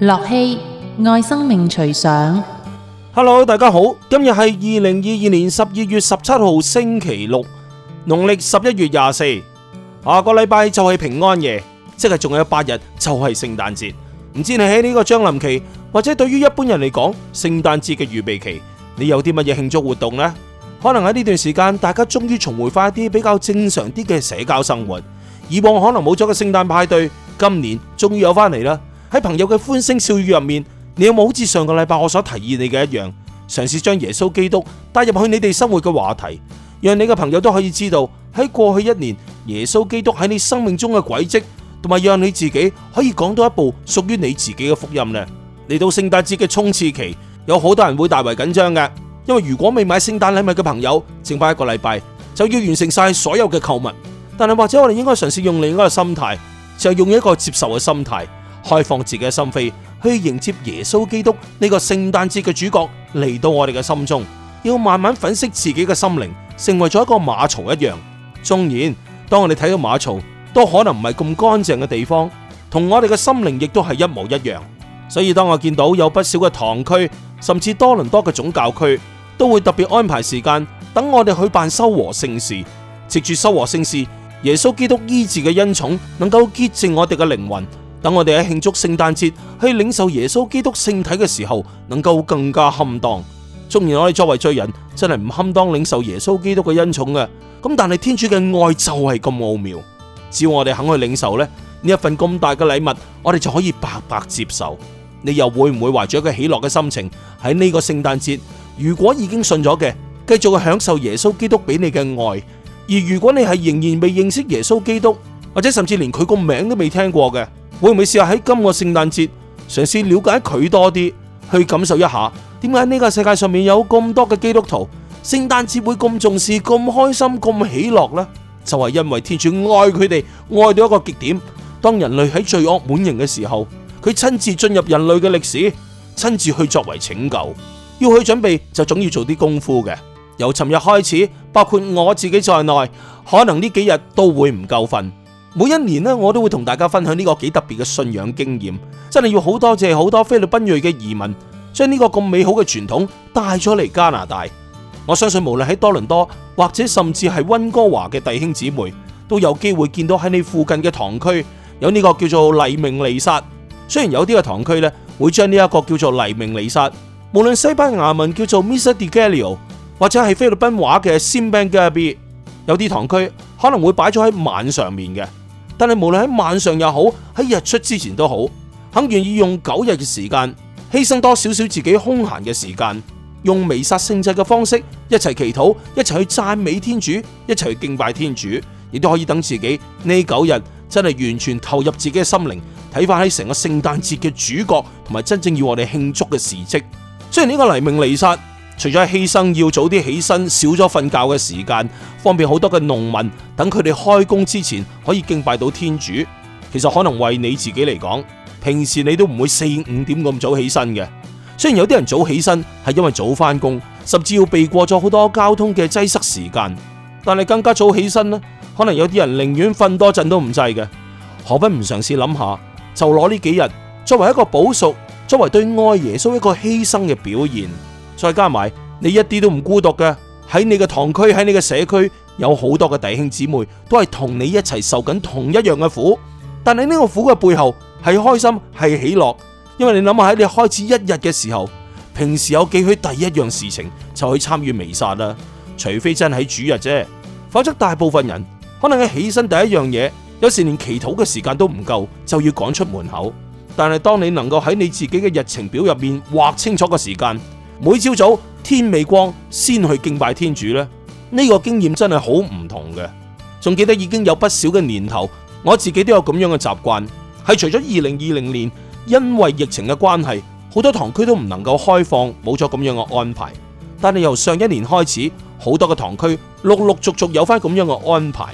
樂器愛生命隨想，Hello，大家好，今日係二零二二年十二月十七號星期六，農曆十一月廿四，下個禮拜就係平安夜，即係仲有八日就係聖誕節。唔知你喺呢個將臨期，或者對於一般人嚟講，聖誕節嘅預備期，你有啲乜嘢慶祝活動呢？可能喺呢段時間，大家終於重回翻一啲比較正常啲嘅社交生活，以往可能冇咗個聖誕派對，今年終於有翻嚟啦。喺朋友嘅歡聲笑語入面，你有冇好似上個禮拜我所提議你嘅一樣，嘗試將耶穌基督帶入去你哋生活嘅話題，讓你嘅朋友都可以知道，喺過去一年，耶穌基督喺你生命中嘅軌跡，同埋讓你自己可以講到一部屬於你自己嘅福音呢？嚟到聖誕節嘅衝刺期，有好多人會大為緊張嘅，因為如果未買聖誕禮物嘅朋友，剩返一個禮拜就要完成晒所有嘅購物。但係或者我哋應該嘗試用另一個心態，就用一個接受嘅心態。開放自己嘅心扉，去迎接耶穌基督呢個聖誕節嘅主角嚟到，我哋嘅心中。要慢慢粉飾自己嘅心靈，成為咗一個馬槽一樣。縱然當我哋睇到馬槽，都可能唔係咁乾淨嘅地方，同我哋嘅心靈亦都係一模一樣。所以當我見到有不少嘅堂區，甚至多倫多嘅總教區，都會特別安排時間等我哋去辦修和聖事，藉住修和聖事，耶穌基督醫治嘅恩寵，能夠潔淨我哋嘅靈魂。等我哋喺慶祝聖誕節去領受耶穌基督聖體嘅時候，能夠更加堪當。縱然我哋作為罪人，真係唔堪當領受耶穌基督嘅恩寵嘅。咁但係天主嘅愛就係咁奧妙，只要我哋肯去領受呢，呢一份咁大嘅禮物，我哋就可以白白接受。你又會唔會懷住一個喜樂嘅心情喺呢個聖誕節？如果已經信咗嘅，繼續去享受耶穌基督俾你嘅愛；而如果你係仍然未認識耶穌基督，或者甚至連佢個名都未聽過嘅。會唔會試下喺今個聖誕節嘗試了解佢多啲，去感受一下點解呢個世界上面有咁多嘅基督徒，聖誕節會咁重視、咁開心、咁喜樂呢？就係因為天主愛佢哋，愛到一個極點。當人類喺罪惡滿盈嘅時候，佢親自進入人類嘅歷史，親自去作為拯救。要去準備就總要做啲功夫嘅。由尋日開始，包括我自己在內，可能呢幾日都會唔夠瞓。每一年呢，我都會同大家分享呢個幾特別嘅信仰經驗，真係要好多謝好多菲律賓裔嘅移民，將呢個咁美好嘅傳統帶咗嚟加拿大。我相信無論喺多倫多或者甚至係溫哥華嘅弟兄姊妹，都有機會見到喺你附近嘅堂區有呢個叫做黎明彌撒。雖然有啲嘅堂區呢會將呢一個叫做黎明彌撒，無論西班牙文叫做 Misa de Gallo 或者係菲律賓話嘅 Simbang Gabi 有啲堂區可能會擺咗喺晚上上面嘅，但係無論喺晚上又好，喺日出之前都好，肯願意用九日嘅時間，犧牲多少少自己空閒嘅時間，用彌撒聖祭嘅方式一齊祈禱，一齊去讚美天主，一齊去敬拜天主，亦都可以等自己呢九日真係完全投入自己嘅心靈，睇翻喺成個聖誕節嘅主角同埋真正要我哋慶祝嘅事蹟。雖然呢個黎明彌撒。.除咗犧牲要早啲起身，少咗瞓覺嘅時間，方便好多嘅農民等佢哋開工之前可以敬拜到天主。其實可能為你自己嚟講，平時你都唔會四五點咁早起身嘅。雖然有啲人早起身係因為早翻工，甚至要避過咗好多交通嘅擠塞時間，但係更加早起身呢，可能有啲人寧願瞓多陣都唔制嘅。何不唔嘗試諗下，就攞呢幾日作為一個補贖，作為對愛耶穌一個犧牲嘅表現。再加埋你一啲都唔孤獨嘅，喺你嘅堂區，喺你嘅社區有好多嘅弟兄姊妹都係同你一齊受緊同一樣嘅苦，但係呢個苦嘅背後係開心，係喜樂，因為你諗下喺你開始一日嘅時候，平時有幾許第一樣事情就可以參與彌撒啦？除非真係主日啫，否則大部分人可能喺起身第一樣嘢，有時連祈禱嘅時間都唔夠，就要趕出門口。但係當你能夠喺你自己嘅日程表入面畫清楚個時間。每朝早天未光先去敬拜天主咧，呢個經驗真係好唔同嘅。仲記得已經有不少嘅年頭，我自己都有咁樣嘅習慣。係除咗二零二零年，因為疫情嘅關係，好多堂區都唔能夠開放，冇咗咁樣嘅安排。但係由上一年開始，好多嘅堂區陸陸續續有翻咁樣嘅安排，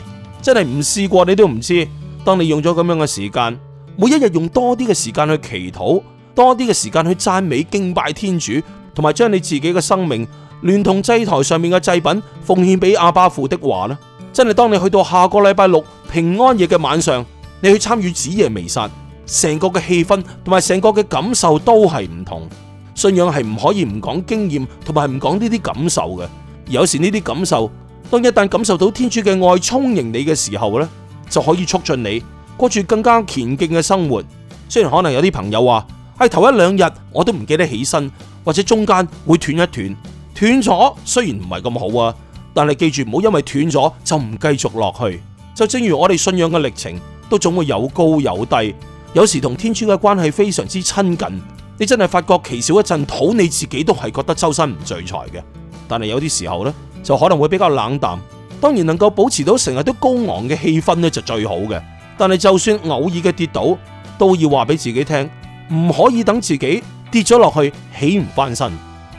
真係唔試過你都唔知。當你用咗咁樣嘅時間，每一日用多啲嘅時間去祈禱，多啲嘅時間去讚美敬拜天主。同埋，將你自己嘅生命聯同祭台上面嘅祭品奉獻俾阿爸父的話咧，真係當你去到下個禮拜六平安夜嘅晚上，你去參與子夜彌撒，成個嘅氣氛同埋成個嘅感受都係唔同。信仰係唔可以唔講經驗，同埋唔講呢啲感受嘅。有時呢啲感受，當一旦感受到天主嘅愛充盈你嘅時候呢，就可以促進你過住更加虔敬嘅生活。雖然可能有啲朋友話係頭一兩日我都唔記得起身。或者中間會斷一斷，斷咗雖然唔係咁好啊，但係記住唔好因為斷咗就唔繼續落去。就正如我哋信仰嘅歷程，都總會有高有低。有時同天主嘅關係非常之親近，你真係發覺其少一陣土，討你自己都係覺得周身唔聚財嘅。但係有啲時候呢，就可能會比較冷淡。當然能夠保持到成日都高昂嘅氣氛呢，就最好嘅。但係就算偶爾嘅跌倒，都要話俾自己聽，唔可以等自己。跌咗落去，起唔翻身，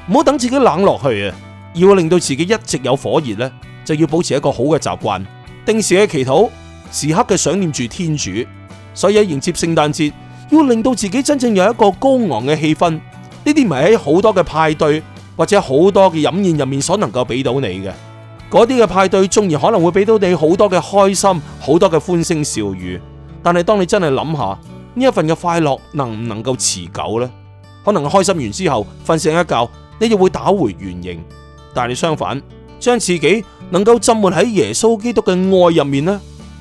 唔好等自己冷落去啊。要令到自己一直有火熱咧，就要保持一個好嘅習慣，定時嘅祈禱，時刻嘅想念住天主。所以喺、啊、迎接聖誕節，要令到自己真正有一個高昂嘅氣氛。呢啲唔係喺好多嘅派對或者好多嘅飲宴入面所能夠俾到你嘅。嗰啲嘅派對縱然可能會俾到你好多嘅開心，好多嘅歡聲笑語。但係當你真係諗下呢一份嘅快樂，能唔能夠持久咧？可能開心完之後，瞓醒一覺，你又會打回原形。但係你相反，將自己能夠浸沒喺耶穌基督嘅愛入面呢，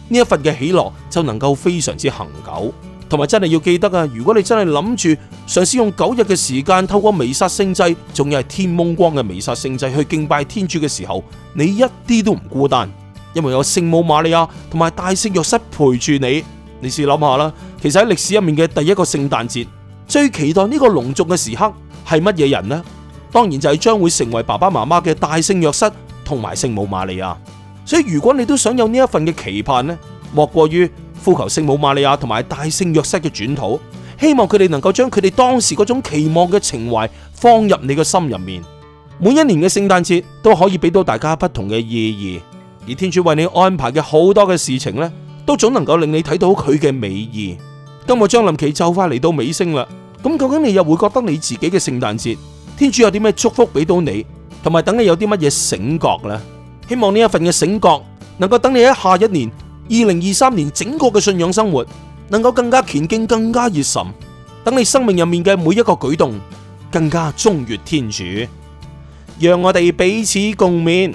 呢一份嘅喜樂就能夠非常之恆久。同埋真係要記得啊，如果你真係諗住嘗試用九日嘅時間透過彌撒聖祭，仲要係天蒙光嘅彌撒聖祭去敬拜天主嘅時候，你一啲都唔孤單，因為有聖母瑪利亞同埋大聖若瑟陪住你。你試諗下啦，其實喺歷史入面嘅第一個聖誕節。最期待呢個隆重嘅時刻係乜嘢人呢？當然就係將會成為爸爸媽媽嘅大聖若瑟同埋聖母瑪利亞。所以如果你都想有呢一份嘅期盼呢，莫過於呼求聖母瑪利亞同埋大聖若瑟嘅轉禱，希望佢哋能夠將佢哋當時嗰種期望嘅情懷放入你嘅心入面。每一年嘅聖誕節都可以俾到大家不同嘅意義，而天主為你安排嘅好多嘅事情呢，都總能夠令你睇到佢嘅美意。今日將臨期就快嚟到尾聲啦，咁究竟你又會覺得你自己嘅聖誕節，天主有啲咩祝福俾到你，同埋等你有啲乜嘢醒覺呢？希望呢一份嘅醒覺，能夠等你喺下一年，二零二三年整個嘅信仰生活，能夠更加虔敬，更加熱忱，等你生命入面嘅每一個舉動，更加中悅天主，讓我哋彼此共勉。